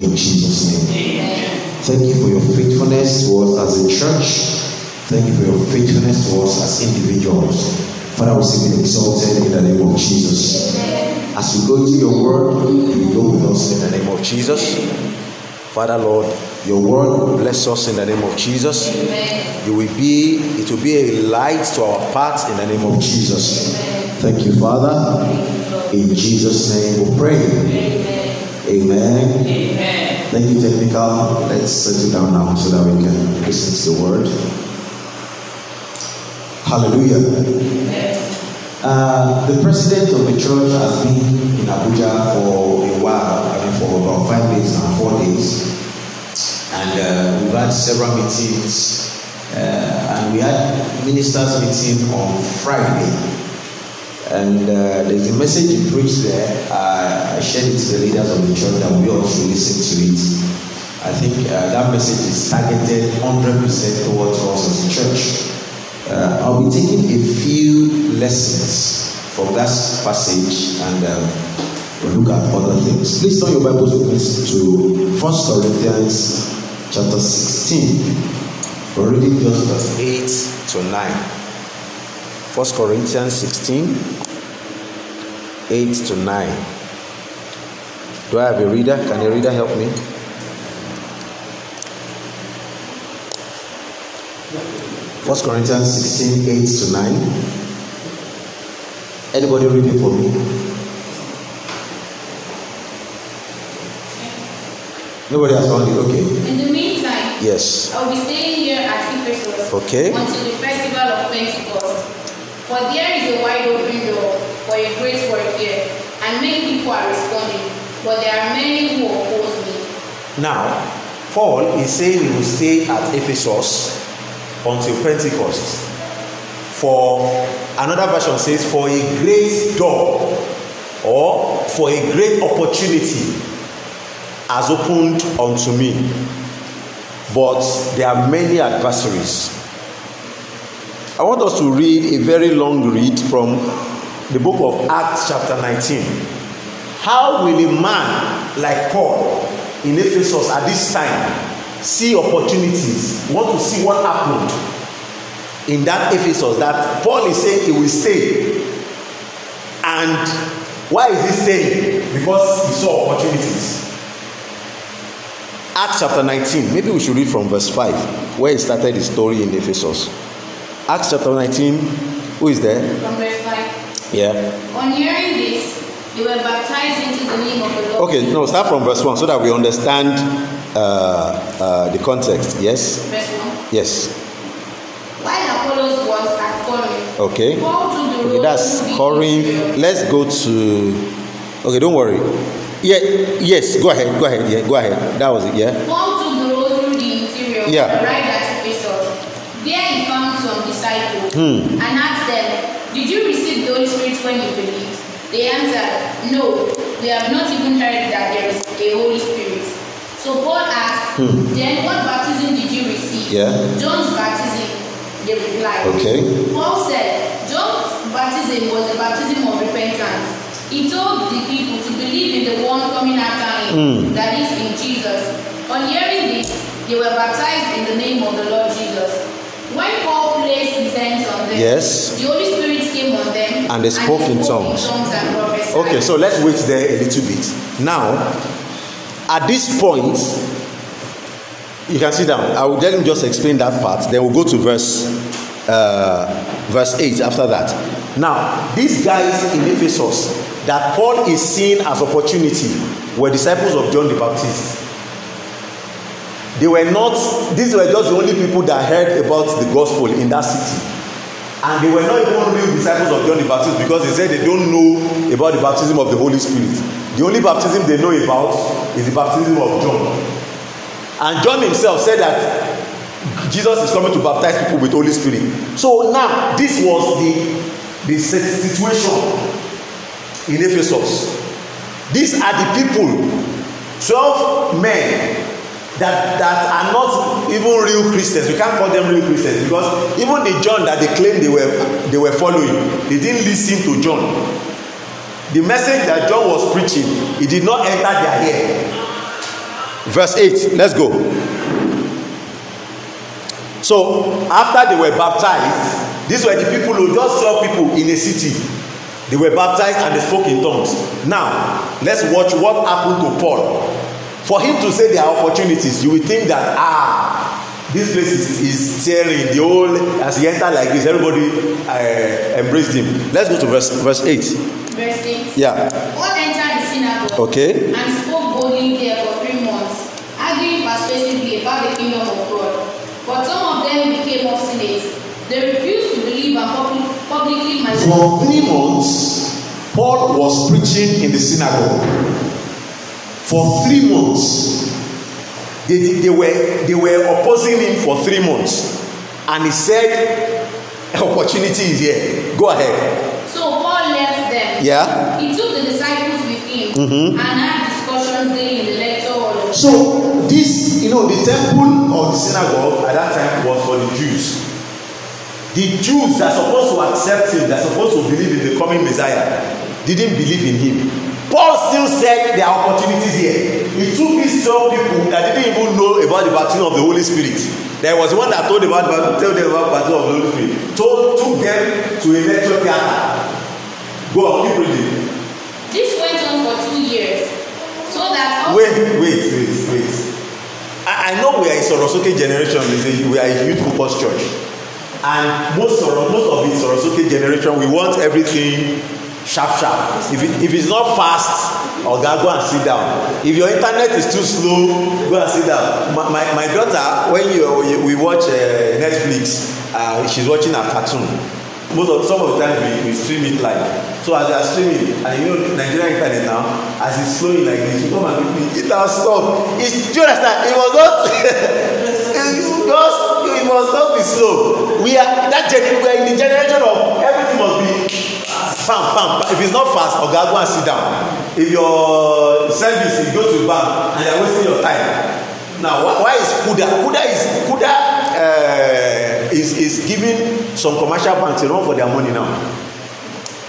In Jesus' name. Amen. Thank you for your faithfulness to us as a church. Thank you for your faithfulness to us as individuals. Father, we say be exalted in the name of Jesus. Amen. As we go to your word, you go with us in the name of Jesus. Father, Lord, your word bless us in the name of Jesus. Amen. You will be, it will be a light to our path in the name of Jesus. Thank you, Father. In Jesus' name we pray. Amen. Amen. Thank you, Technica. Let's it down now so that we can listen to the word. Hallelujah. Uh, the president of the church has been in Abuja for a while, I mean, for about five days and four days. And uh, we've had several meetings, uh, and we had ministers' meeting on Friday. And uh, there's a message you preached there. Uh, I shared it to the leaders of the church and we also listened to it. I think uh, that message is targeted 100% towards us as a church. Uh, I'll be taking a few lessons from that passage and um, we'll look at other things. Please turn your Bibles with me to 1 Corinthians chapter 16. We're reading just verse 8 to 9. 1 Corinthians 16 8 to 9. Do I have a reader? Can a reader help me? First Corinthians 16, 8 to 9. Anybody reading for me? Nobody has found it, okay. In the meantime, yes. I'll be staying here at Ephesus okay. until the festival of Pentecost For there is a wide open door for a great work here, and many people are responding, but there are many who oppose me. Now, Paul is saying he will stay at Ephesus until Pentecost. For another version says, for a great door or for a great opportunity has opened unto me. But there are many adversaries. I want us to read a very long read from the book of Acts, chapter 19. How will a man like Paul in Ephesus at this time see opportunities, want to see what happened in that Ephesus that Paul is saying he will stay? And why is he staying? Because he saw opportunities. Acts chapter 19, maybe we should read from verse 5, where he started his story in Ephesus. Acts chapter 19. Who is there? From verse 5. Yeah. On hearing this, they were baptized into the name of the Lord. Okay, no, start from verse 1 so that we understand uh, uh, the context. Yes? Verse 1. Yes. While Apollos was at Corinth, okay. okay that's Corinth. Let's go to. Okay, don't worry. Yeah, yes, go ahead, go ahead, yeah, go ahead. That was it, yeah. Paul took the road through the interior. Yeah hmm. and asked them, Did you receive the Holy Spirit when you believed? They answered, No, we have not even heard that there is a Holy Spirit. So Paul asked, hmm. Then what baptism did you receive? Yeah. John's baptism, they replied. Okay. Paul said, John's baptism was a baptism of repentance. He told the people to believe in the one coming after him, hmm. that is, in Jesus. On hearing this, they were baptized in the name of the Lord Jesus. When Paul placed his hands on them, yes. the Holy Spirit came on them and they spoke, and they spoke in, tongues. in tongues. and Okay, so let's wait there a little bit. Now, at this point, you can see down. I will then just explain that part. Then we'll go to verse uh, verse 8 after that. Now, these guys in Ephesus that Paul is seeing as opportunity were disciples of John the Baptist They were not, these were just the only people that heard about the gospel in that city. And they were not even real disciples of John the Baptist because they said they don't know about the baptism of the Holy Spirit. The only baptism they know about is the baptism of John. And John himself said that Jesus is coming to baptize people with Holy Spirit. So now this was the the situation in Ephesus. These are the people, twelve men that that are not even real christians we can't call them real christians because even the john that they claim they were they were following they didn't listen to john the message that john was preaching it did not enter their ear verse eight. let's go so after they were baptized these were the people who just saw people in a city they were baptized and they spoke in tongues now let's watch what happened to paul for him to say there are opportunities you will think that ah this place is is tearing the whole as he enter like this everybody uh, embraced him let's go to verse verse eight. verse eight. yeah. all enter the synagogue. okay. and spoke boldly there for three months arguing persuasively about the kingdom of God but some of them became obstinate they refused to believe and public, publicly. for three months Paul was preaching in the synagogue for three months they did, they were they were opposing him for three months and he said opportunity is here go ahead. so paul left them. yeah. he took the disciples with him. Mm-hmm. and had discussions daily in the lecture hall. so this you know the temple or the synagogue at that time was for the jews the jews that supposed to accept him that supposed to believe in the coming messiah didn't believe in him Paul still said there are opportunities here. He took these 12 people that didn't even know about the baptism of the Holy Spirit. There was one that told about the tell them about the baptism of the Holy Spirit. Told took them to a lecture theater. Go on, keep reading. This went on for two years. So that wait, wait, wait, wait. I, I know we are a sorosuke generation, we are a youth focused church. And most, most of the sorosuke generation, we want everything sharp sharp if it if it's not fast oga go and sit down if your internet is too slow go and sit down my my, my daughter when you, you we watch uh, netflix uh, she's watching her cartoon most of some of the time we we stream it live so as we are streaming and you know Nigeria internet now as e slowing like this you come and meet it don stop it do you understand it was not it just it was not be slow we are that gen we are in the generation of pam pam pam if it's not fast oga go and sit down if your service you go to bank and you're wasting your time now why, why is kuda kuda is kuda uh, is is giving some commercial banks a run for their money now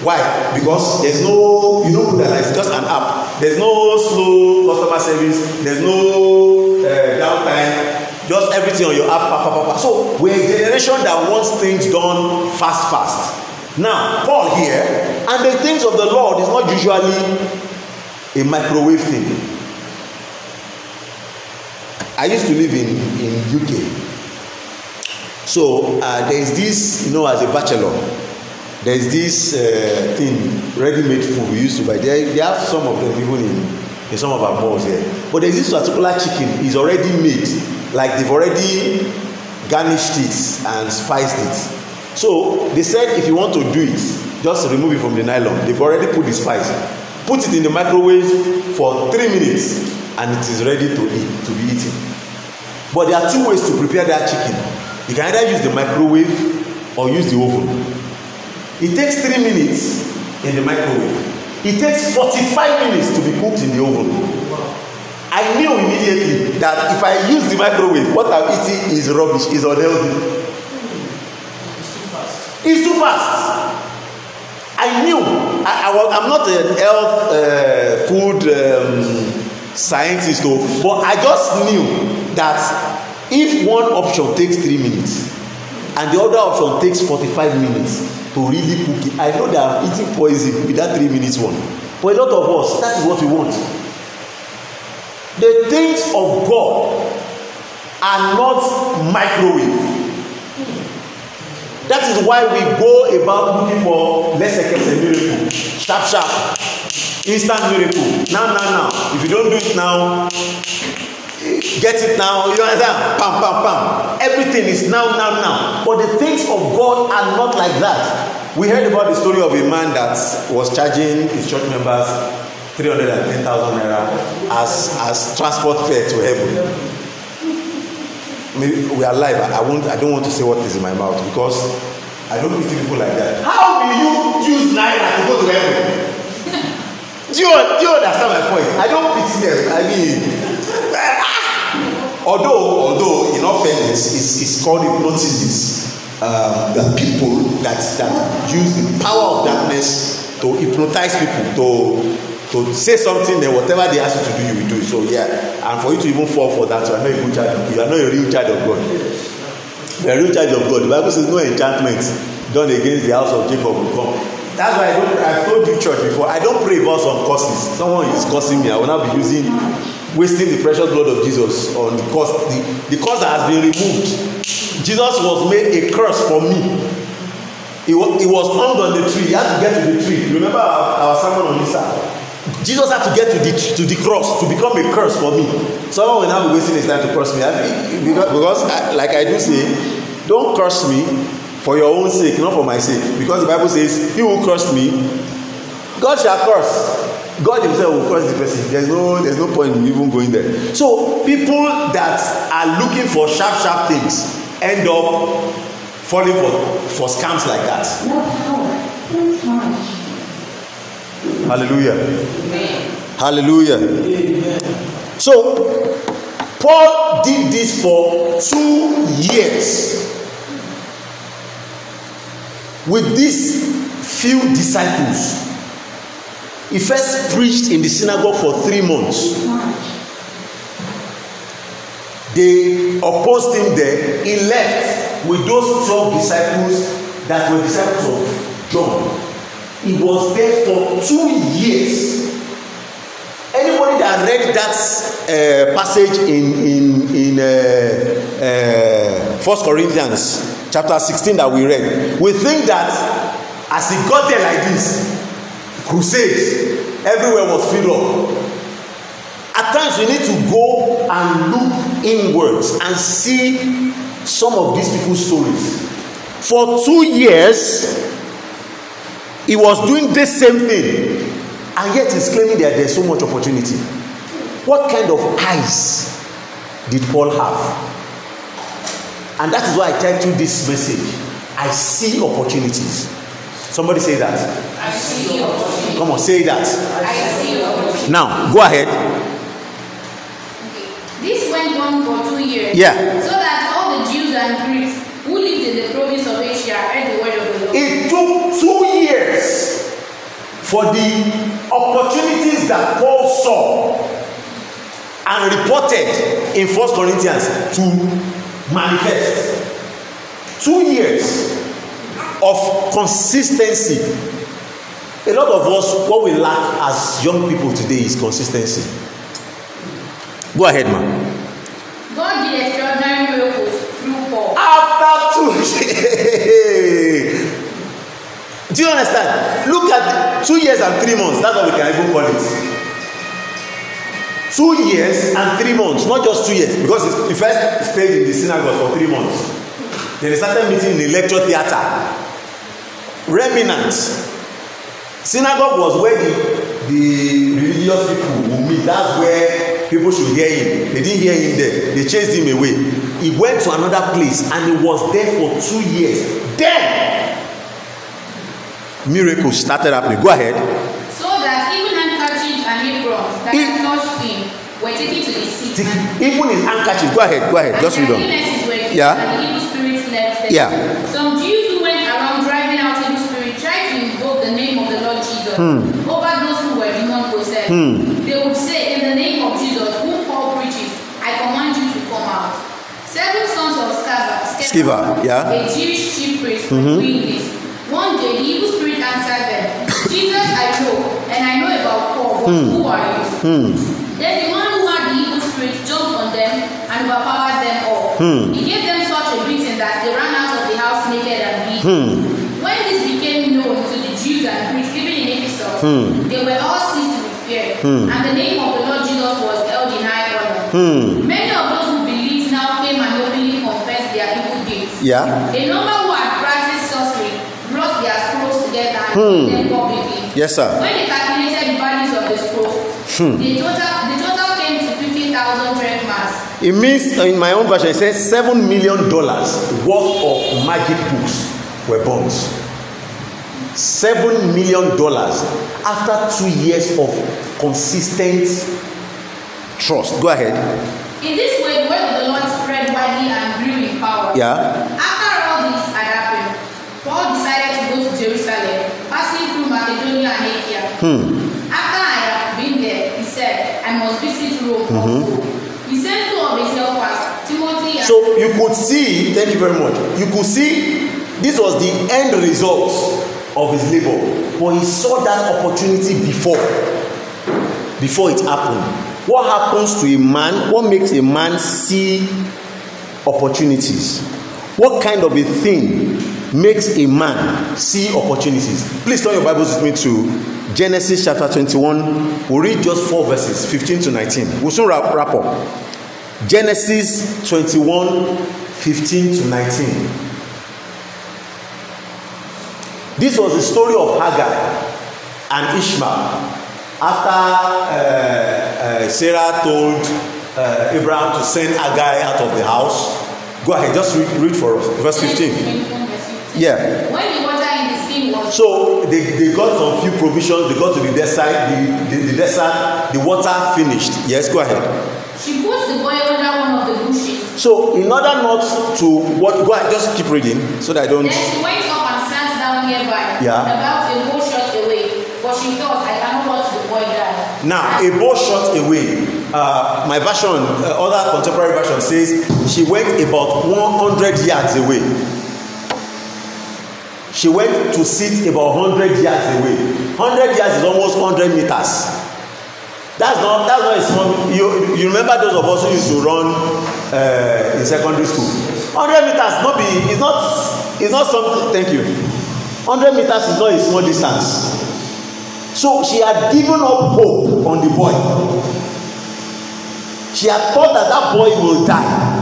why because there's no you know kuda like just an app there's no slow customer service there's no uh, downtime just everything on your app pa pa pa pa so we're a generation that wants things done fast fast Now, Paul here, and the things of the Lord is not usually a microwave thing. I used to live in in UK so uh, there is this you know as a bachelor there is this uh, thing ready made food we used to buy there they have some of them even in in some of our malls here but there is this particular chicken is already made like they've already garnished it and spiced it So they said if you want to do it, just remove it from the nylon. They've already put the spice. Put it in the microwave for three minutes and it is ready to eat to be eaten. But there are two ways to prepare that chicken. You can either use the microwave or use the oven. It takes three minutes in the microwave. It takes 45 minutes to be cooked in the oven. I knew immediately that if I use the microwave, what I'm eating is rubbish, is unhealthy It's too fast. I knew. I, I I'm not a health uh, food um, scientist, though, but I just knew that if one option takes three minutes and the other option takes 45 minutes to really cook it, I know that I'm eating poison with that three minutes one. For a lot of us, that is what we want. The things of God are not microwave That is why we go about looking for less lẹ́sẹ̀kẹsẹ̀ miracle, sharp sharp, instant miracle. Now now now, if you don't do it now, get it now, you understand? Pam pam pam. Everything is now now now. But the things of God are not like that. We heard about the story of a man that was charging his church members three hundred and ten thousand naira as as transport fare to heaven we are live I won't I don't want to say what is in my mouth because I don't meet people like that. How do you use naira to go to heaven? do you do you understand my point? I don't pity them. I mean, although although in all fairness, it's it's called hypnotism. Um, the people that that use the power of darkness to hypnotize people to to say something then whatever they ask you to do you will do so yeah and for you to even fall for that you are not a good child of you are not a real child of God You are a real child of God the bible says no enchantment done against the house of Jacob will come that's why i don i told you church before i don pray about some curses someone is cursing me i will now be using wasting the precious blood of jesus on the curse the the curse that has been removed jesus was made a curse for me he was he was hung on the tree he had to get to the tree you remember our our sermon on lisa Jesus had to get to the to the cross to become a curse for me. Someone will now be wasting his time to curse me. I because, because I, like I do say, don't curse me for your own sake, not for my sake. Because the Bible says, He will curse me, God shall curse. God Himself will curse the person. There's no there's no point in even going there. So people that are looking for sharp sharp things end up falling for for scams like that. No, no, Hallelujah. Amen. Hallelujah. Amen. So, Paul did this for two years with these few disciples. He first preached in the synagogue for three months. They opposed him there. He left with those 12 disciples that were disciples of John. He was there for two years. Anybody that read that uh, passage in in in uh, uh, First Corinthians chapter sixteen that we read, we think that as he got there like this, crusades everywhere was filled up. At times we need to go and look inwards and see some of these people's stories. For two years, he was doing this same thing and yet he's claiming that there's so much opportunity what kind of eyes did paul have and that is why i tell you this message i see opportunities somebody say that i see opportunities come on say that i see opportunities now go ahead okay. this went on for two years yeah so for the opportunities that Paul saw and reported in First Corinthians to manifest. Two years of consistency. A lot of us, what we lack as young people today is consistency. Go ahead, ma'am. God did extraordinary miracles through Paul. After two years. Do you understand? Look at two years and three months. That's what we can even call it. Two years and three months, not just two years, because he first stayed in the synagogue for three months. Then he started meeting in the lecture theater. Remnant. Synagogue was where the, the religious people would meet. That's where people should hear him. They didn't hear him there. They chased him away. He went to another place and he was there for two years. Then Miracle started happening. Go ahead. So that even handkerchiefs and aprons that it, touched him were taken to the sick. even his handkerchief. Go ahead. Go ahead. Just read on. Yeah. evil spirits left Yeah. Some Jews who went around driving out evil spirits tried to invoke the name of the Lord Jesus hmm. over those who were demon possessed. Hmm. They would say, In the name of Jesus, who Paul preaches, I command you to come out. Seven sons of Sceva, Sceva yeah. a Jewish chief priest, mm-hmm. doing this. One day, the evil hmm. who are you? Hmm. Then the man who had the evil spirit jumped on them and overpowered them all. Hmm. He gave them such a beating that they ran out of the house naked and beaten. Hmm. When this became known to the Jews and Greeks, even in Ephesus, hmm. they were all seized with fear, hmm. and the name of the Lord Jesus was held in high honor. Many of those who believed now came and openly confessed their evil deeds. Yeah. A number who had practiced sorcery brought their scrolls together and hmm. them publicly. Yes, sir. Hmm. The total, the total came to 50,000 drachmas. It means, in my own version, it says $7 million worth of magic books were bought. $7 million after two years of consistent trust. Go ahead. In this way, the word of the Lord spread widely and grew in power. Yeah. So you could see, thank you very much, you could see this was the end result of his labor. But he saw that opportunity before, before it happened. What happens to a man? What makes a man see opportunities? What kind of a thing makes a man see opportunities? Please turn your Bibles with me to Genesis chapter 21. We'll read just four verses, 15 to 19. We'll soon wrap, wrap up. Genesis twenty-one fifteen to nineteen. This was the story of Hagar and Ishmael after uh, uh, Sarah told uh, Abraham to send Hagar out of the house. Go ahead, just read, read for us, verse fifteen. Yeah. When the water in the stream was. So they, they got some few provisions, they got to the desert, the, the, the desert, the water finished. Yes, go ahead. She puts the boy. So in order not to what go ahead, just keep reading so that I don't. Then she went up and sat down nearby. Yeah. About a bow shot away, for she thought, I cannot watch the boy die. Now a bow shot away. Uh, my version, uh, other contemporary version says she went about 100 yards away. She went to sit about 100 yards away. 100 yards is almost 100 meters. That's not that's not a small. You you remember those of us who used to run uh, in secondary school hundred meters no be is not is not something thank you hundred meters is not a small distance so she had given up hope on the boy she had thought that that boy will die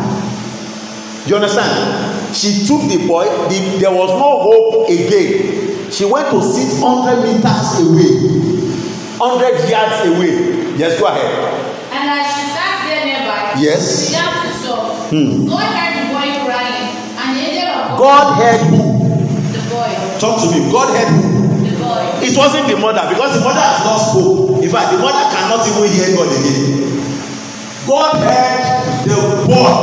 you understand she took the boy the, there was no hope again she went to sit hundred meters away hundred yards away yes go ahead. and as she sat there nearby. yes. she began to Hmm. God heard the boy crying, and the angel of God heard who? The boy. Talk to me. God heard who? The boy. It wasn't the mother because the mother has lost hope. In fact, the mother cannot even hear God again. God heard the boy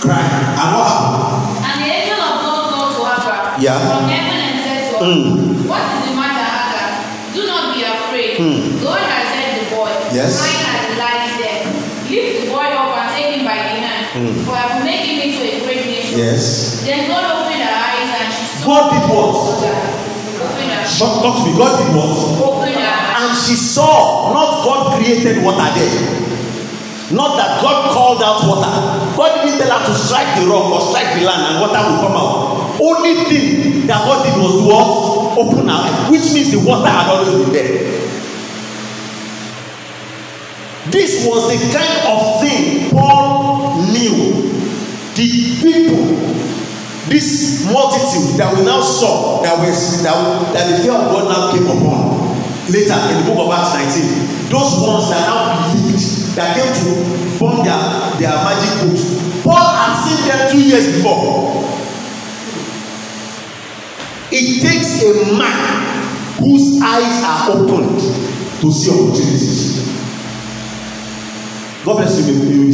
crying. And what happened? And the angel of God called to Abraham yeah. from heaven and said to her, mm. What is the matter, Agar? Do not be afraid. Mm. God has heard the boy. Yes. Crying Mm. For I will make him into a great nation. Yes. Then God opened her eyes and she saw. God did what? Open her. Talk, talk to me. God did what? Open her. And she saw. Not God created water there. Not that God called out water. God didn't tell her to strike the rock or strike the land and water will come out. Only thing that God did was what? Open her eyes, which means the water had always been there. This was the kind of thing Paul you, the people, this multitude that we now saw that we that, that the fear of God now came upon later in the book of Acts 19, those ones that now believed that came to burn their, their magic books. Paul had seen them two years before. It takes a man whose eyes are opened to see opportunities. God bless you, you will be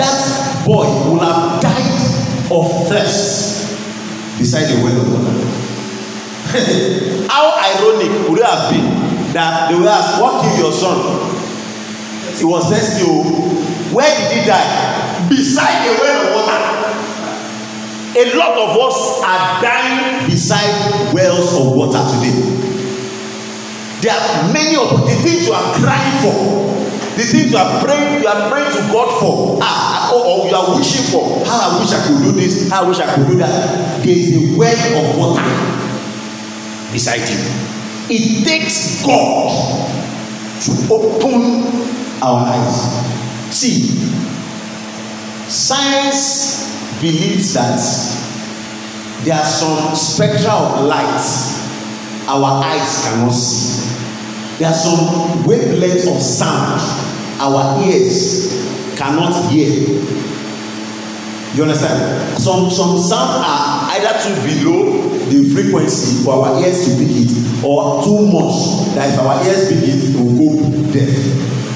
That boy will have died of thirst beside the well of water. How ironic would it have been that they would ask, What killed your son? He was thirsty. Oh. Where did he die? Beside the well of water. A lot of us are dying beside wells of water today. There are many of the things you are crying for the things you are praying you are praying to God for ah or, oh, or oh, you are wishing for ah I wish I could do this ah I wish I could do that there is a well of water beside you it takes God to open our eyes see science believes that there are some spectra of light our eyes cannot see There are some wavelengths of sound our ears cannot hear. You understand? Some some sound are either too below the frequency for our ears to pick it or too much that if our ears pick it, it will go deaf.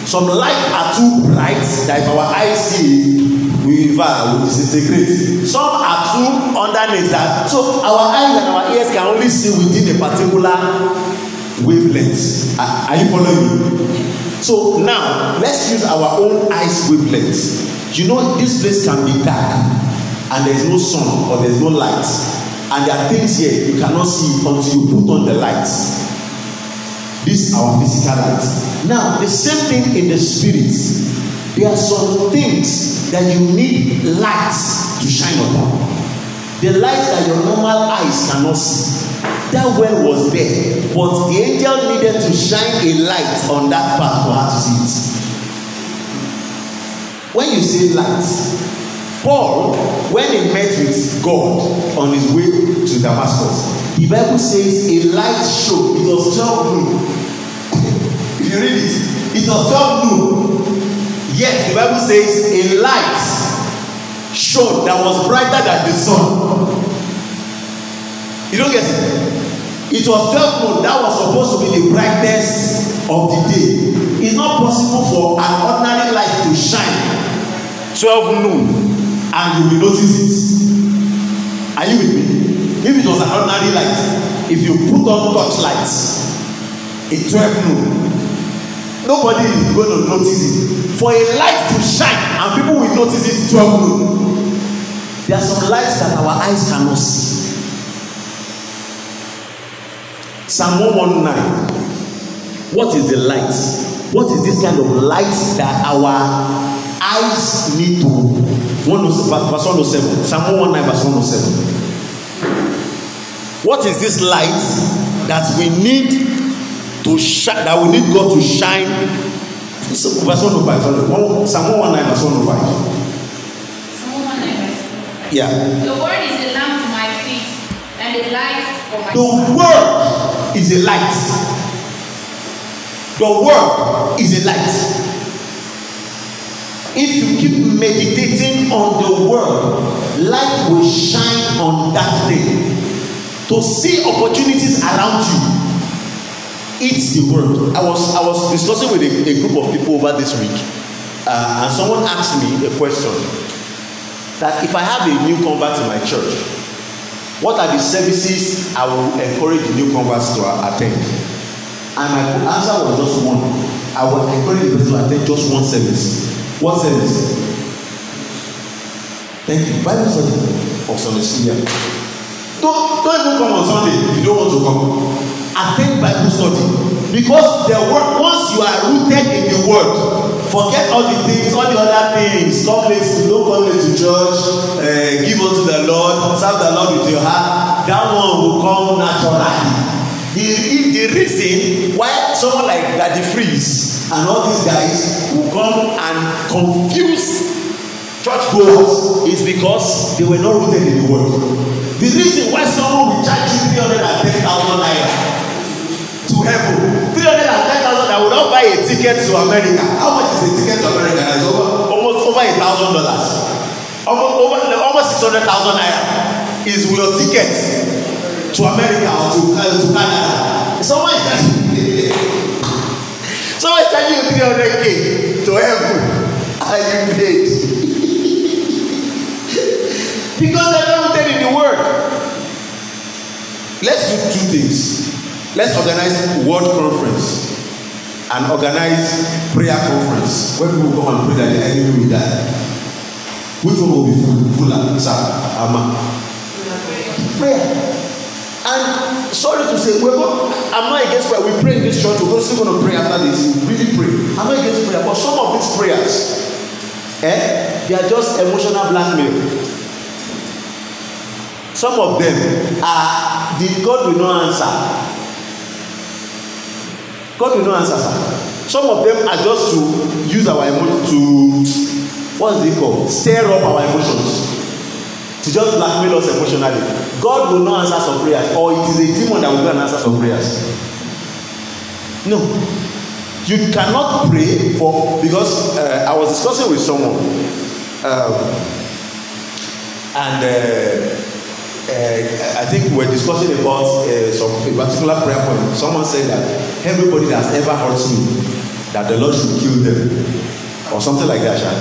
Some light are too bright that if our eyes see it, we infer we disintegrate some are too underneath that so our eyes and our ears can only see within a particular wavelengths. Are, are you following me? So now let's use our own eyes wavelengths. You know this place can be dark and there's no sun or there's no light and there are things here you cannot see until you put on the light. This our physical light. Now the same thing in the spirit. There are some things that you need light to shine upon. The light that your normal eyes cannot see That well was there, but the angel needed to shine a light on that path for her to see it. When you say light, Paul, when he met with God on his way to Damascus, the Bible says a light shone. It was 12 noon. if you read it, it was 12 noon. Yes, the Bible says a light shone that was brighter than the sun. You don't get it? it was twelve known that was supposed to be the brightest of the day it's not possible for an ordinary light to shine twelve noon and you will notice it are you with me if it was an ordinary light if you put on torch light at twelve noon nobody is going to notice it for a light to shine and people will notice it twelve noon there are some lights that our eyes cannot see Psalm 119. What is the light? What is this kind of light that our eyes need to one oh verse one oh seven Psalm one nine verse one oh seven. What is this light that we need to shine that we need God to shine? Verse one oh five sorry Psalm oh one nine verse one oh five. Yeah. The word is a lamp to my feet and a light for my. The word is a light. The word is a light. If you keep meditating on the world, light will shine on that day. To see opportunities around you, it's the world. I was I was discussing with a, a group of people over this week, uh, and someone asked me a question that if I have a new convert in my church, what are the services i will encourage the newcomers to attend and my answer was just one i will encourage the person to attend just one service one service thank you bible study of sunday senior don't don't even come on sunday if you don't want to come attend bible study because the word once you are rooted in the word forget all the things all the other things come late to no come late to church uh, give unto the lord serve the lord with your heart that one go come naturally the the reason why someone like daddy freeze and all these guys go come and confuse church goers is because they were not rooted in the word the reason why someone will charge you three hundred and ten thousand naira to heaven I will not buy a ticket to America. How much is a ticket to America? almost over a thousand dollars. Almost over almost six hundred thousand naira is your ticket to America or to uh, to Canada. Someone is charging someone is charging you three hundred k to heaven and you paid. because I don't tell you the word. Let's do two things. Let's organize world conference And organized prayer conference where people come and pray that the enemy will die. Which one will be full, fuller, sir? Ama. Prayer. And sorry to say, we're not, I'm not against prayer. We pray in this church. We're still going to pray after this. We really pray. I'm not against prayer, but some of these prayers, eh, they are just emotional blackmail some of them are the god will not answer God will not answer sir. Some of them are just to use our emotion to what's it called? Stir up our emotions. To just blackmail us emotionally. God will not answer some prayers or it is a demon that will go and answer some prayers. No. You cannot pray for because uh, I was discussing with someone um, and uh, uh, I think we were discussing about uh, some particular prayer point. Someone said that everybody that has ever hurt me, that the Lord should kill them, or something like that, shall,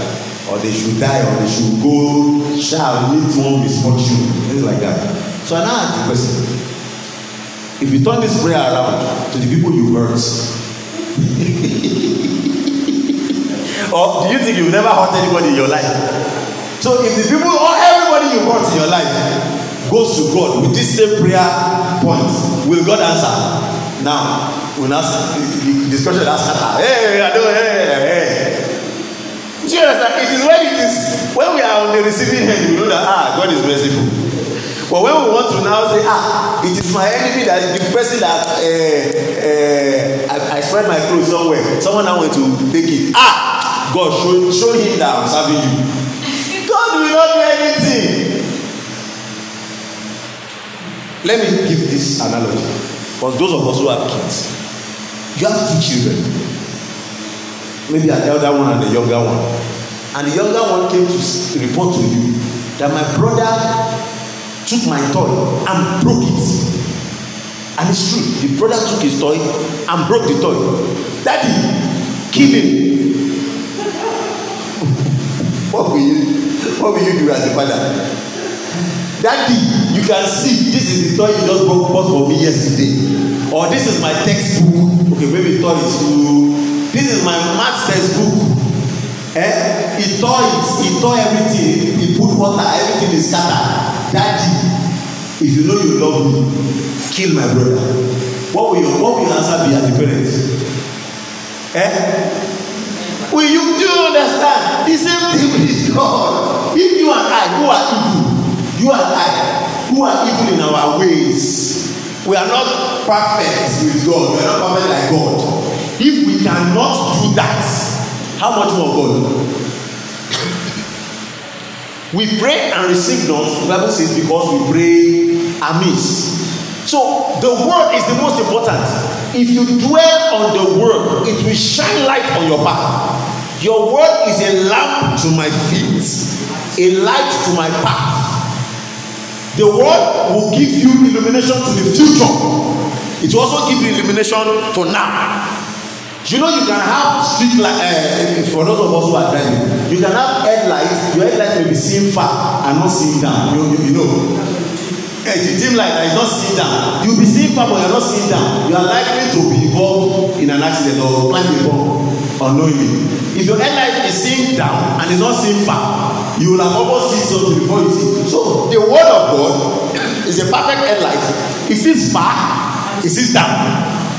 or they should die, or they should go, shall meet one misfortune, things like that. So I now ask the question: If you turn this prayer around to the people you hurt, or do you think you've never hurt anybody in your life? So if the people or everybody you hurt in your life goes to God with this same prayer point, will God answer? Now, we now the discussion has started. Hey, I don't, hey, hey. Do you understand? It is when it is when we are on the receiving end, we know that ah, God is merciful. But when we want to now say ah, it is my enemy that the person that eh, uh, I, I spread my clothes somewhere, someone now went to take it. Ah, God show show him that I'm serving you. God will not do anything let me give this analogy for those of us who have kids you have two children maybe an elder one and a younger one and the younger one came to report to you that my brother took my toy and broke it and it's true the brother took his toy and broke the toy daddy give him what will you what will you do as a father daddy you can see this is the toy you just brought for me yesterday or this is my textbook okay maybe toy is too this is my math textbook eh he tore it he tore everything he put water everything is scattered daddy if you know you love me kill my brother what will your what will your answer be as a parent eh will you do understand the same thing with god if you and i go at evil You and I, who are evil in our ways, we are not perfect with God. We are not perfect like God. If we cannot do that, how much more God? we pray and receive not the bible says because we pray amiss so the word is the most important if you dwell on the word it will shine light on your path your word is a lamp to my feet a light to my path The word will give you illumination to the future. It will also give you illumination to now. You know you can have street light uh, for those of us who are driving. You can have headlights. Your headlight may be seen far and not seen down. You, you, you know. And eh, the dim light that is not seen down. You'll be seen far but you're not seen down. You are likely to be involved in an accident or climb a bomb unknowingly if your headlight is seen down and is not seen far you will have almost seen something before you see so the word of God is a perfect headlight it sees far it sees down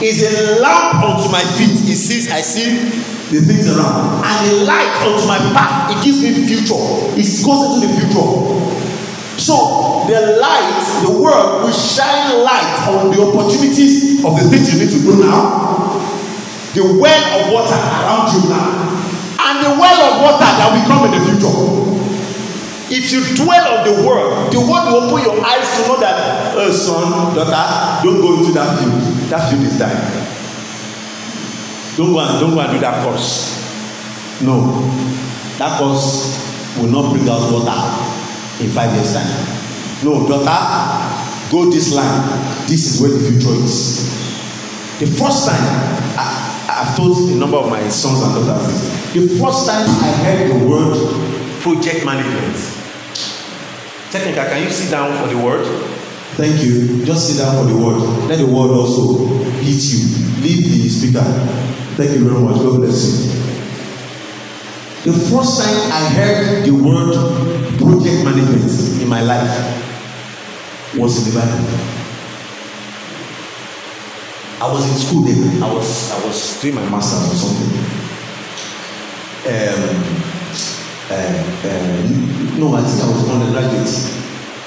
It is a lamp unto my feet it sees i see the things around and a light unto my path it gives me future it goes into the future so the light the world will shine light on the opportunities of the things you need to do now the well of water around you now and the well of water that will come in the future. If you dwell on the world, the world will open your eyes to know that, oh, son, daughter, don't go into that field. That field is dying. Don't go and don't go and do that course. No, that course will not bring out water in five years time. No, daughter, go this line. This is where the future is. The first time, I've told a number of my sons and daughters. The first time I heard the word project management. technical, can you sit down for the word? Thank you. Just sit down for the word. Let the word also hit you. Leave the speaker. Thank you very much. God bless you. The first time I heard the word project management in my life was in the Bible. I was in school then. I was I was doing my masters or something. Um, uh, uh, no, I think I was undergraduate.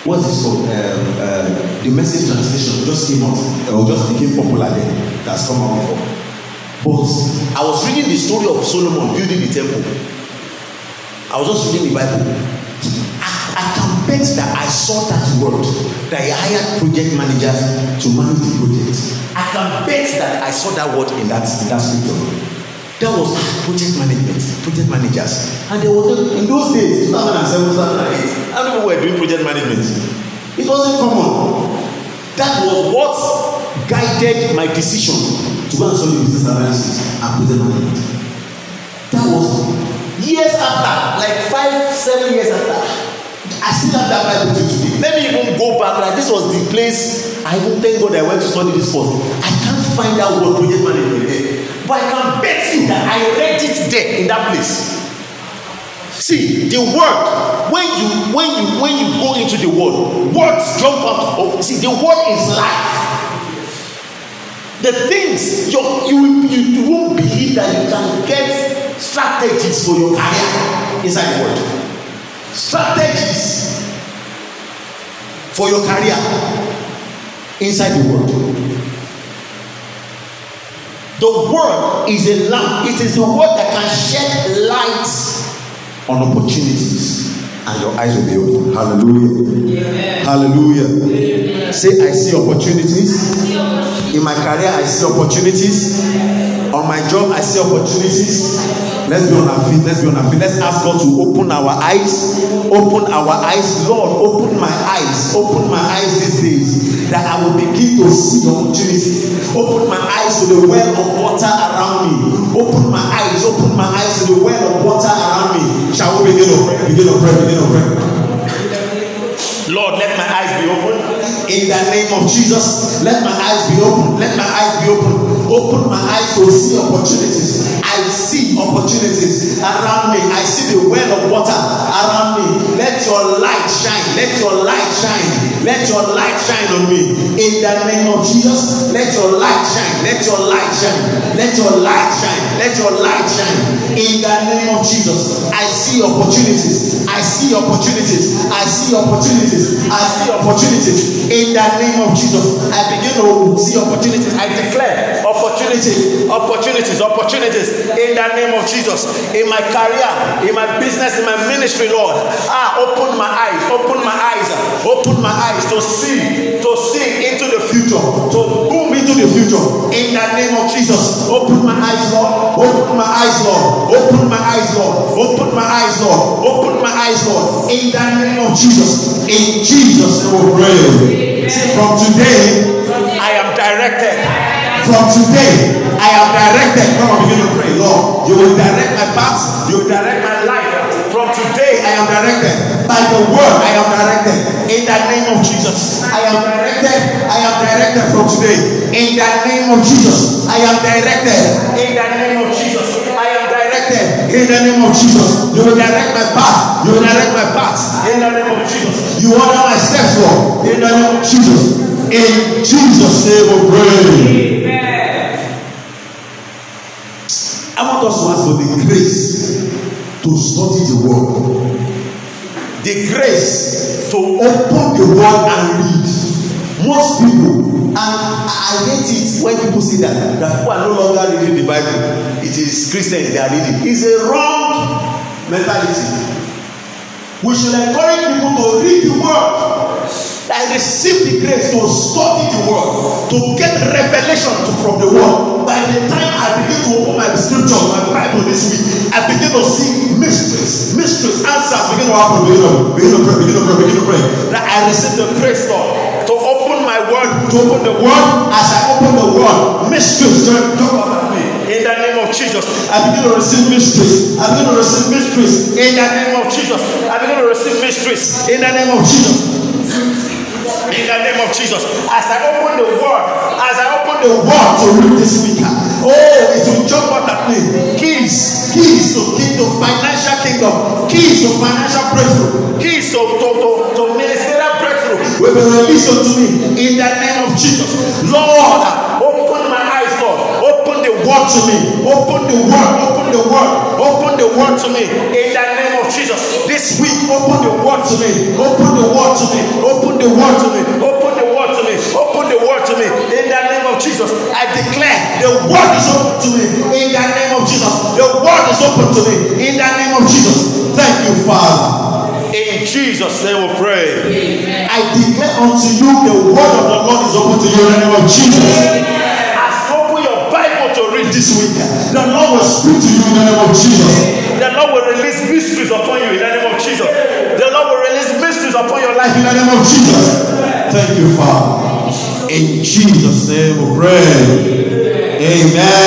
What's this called? Um, uh, the message translation just came out or just became popular then. That's come out before. But I was reading the story of Solomon building the temple. I was just reading the Bible. I, I happened that I saw that word that I hired project managers to manage the project. I can bet that I saw that word in that in that scripture. That was project management, project managers. And there was in those days, 2007, 2008, I don't know we were doing project management. It wasn't common. That was what guided my decision to go and study business analysis and project management. That was years after, like five, seven years after. I still have that Bible till today. Let me even go back. Like this was the place I even thank God I went to study this for. I can't find out what project management is. But I can bet you that I read it there in that place. See, the word, when you when you when you go into the word, words jump out of see the word is life. The things you you, you won't believe that you can get strategies for your career inside the word strategies for your career inside the world. The world is a lamp. It is the world that can shed light on opportunities. And your eyes will be open. Hallelujah. Amen. Hallelujah. Amen. Say, I see opportunities. I see opportunities. In my career, I see opportunities. Yes on my job i see opportunities let's be on our feet let's be on our feet let's ask god to open our eyes open our eyes lord open my eyes open my eyes these days that i will begin to see opportunities open my eyes to the well of water around me open my eyes open my eyes to the well of water around me shall we begin to pray begin to pray begin to pray. in the name of Jesus. Let my eyes be open. Let my eyes be open. Open my eyes to see opportunities. I see opportunities around me. I see the well of water around me. Let your light shine. Let your light shine. Let your light shine on me. In the name of Jesus, let your light shine. Let your light shine. Let your light shine. Let your light shine in the name of Jesus. I see opportunities. I see opportunities. I see opportunities. I see opportunities in the name of Jesus. I begin to see opportunities. I declare opportunities, opportunities, opportunities in the name of Jesus. In my career, in my business, in my ministry, Lord. Ah, open my eyes, open my eyes, open my eyes to see, to see into the future, to future. In the name of Jesus, open my eyes, Lord. Open my eyes, Lord. Open my eyes, Lord. Open my eyes, Lord. Open my eyes, Lord. In the name of Jesus, in Jesus' name we pray. From today, I am directed. From today, I am directed. Come on, begin to pray, Lord. You will direct my path. You will direct my life. From today. I am directed. By the word, I am directed. In the name of Jesus, I am directed. I am directed from today. In the name of Jesus, I am directed. In the name of Jesus, I am directed. In the name of Jesus, you will direct my path. You will direct my path. In the name of Jesus, you order my steps, Lord. In the name of Jesus, in Jesus' name we pray. I want us to ask for the grace to study the word, the grace to open the word and read. Most people, and I hate it when people say that that people are no longer reading the Bible. It is Christians they are reading. It's a wrong mentality. We should encourage people to read the word. I received the grace to study the word, to get revelation from the word. By the time I begin to open my scripture, my Bible this week, I begin to see mysteries, mysteries, answers begin to happen. Begin to, begin to pray, begin to pray, begin to pray. That I receive the grace, Lord, to open my word, to open the word. As I open the word, mysteries don't come about me. In the name of Jesus, I begin to receive mysteries. I begin to receive mysteries. In the name of Jesus, I begin to receive mysteries. In the name of Jesus in the name of Jesus. As I open the word, as I open the word to read this week, oh, it will jump out at me. Keys, keys to kingdom, financial kingdom, keys to financial breakthrough, keys to, to, to, to ministerial breakthrough will be released unto me in the name of Jesus. Lord, open my eyes, Lord. Open the word to me. Open the word, open the word, open the word to me in the of Jesus. This week, open the word to me. Open the word to me. Open the word to me. Open the word to me. Open the word to me. In the name of Jesus, I declare the word is open to me. In the name of Jesus, the word is open to me. In the name of Jesus, thank you, Father. In Jesus' name we pray. Amen. I declare unto you the word of the Lord is open to you in the name of Jesus. Amen this week. The Lord will speak to you in the name of Jesus. The Lord will release mysteries upon you in the name of Jesus. The Lord will release mysteries upon your life in the name of Jesus. Thank you, Father. In Jesus' name we pray. Amen.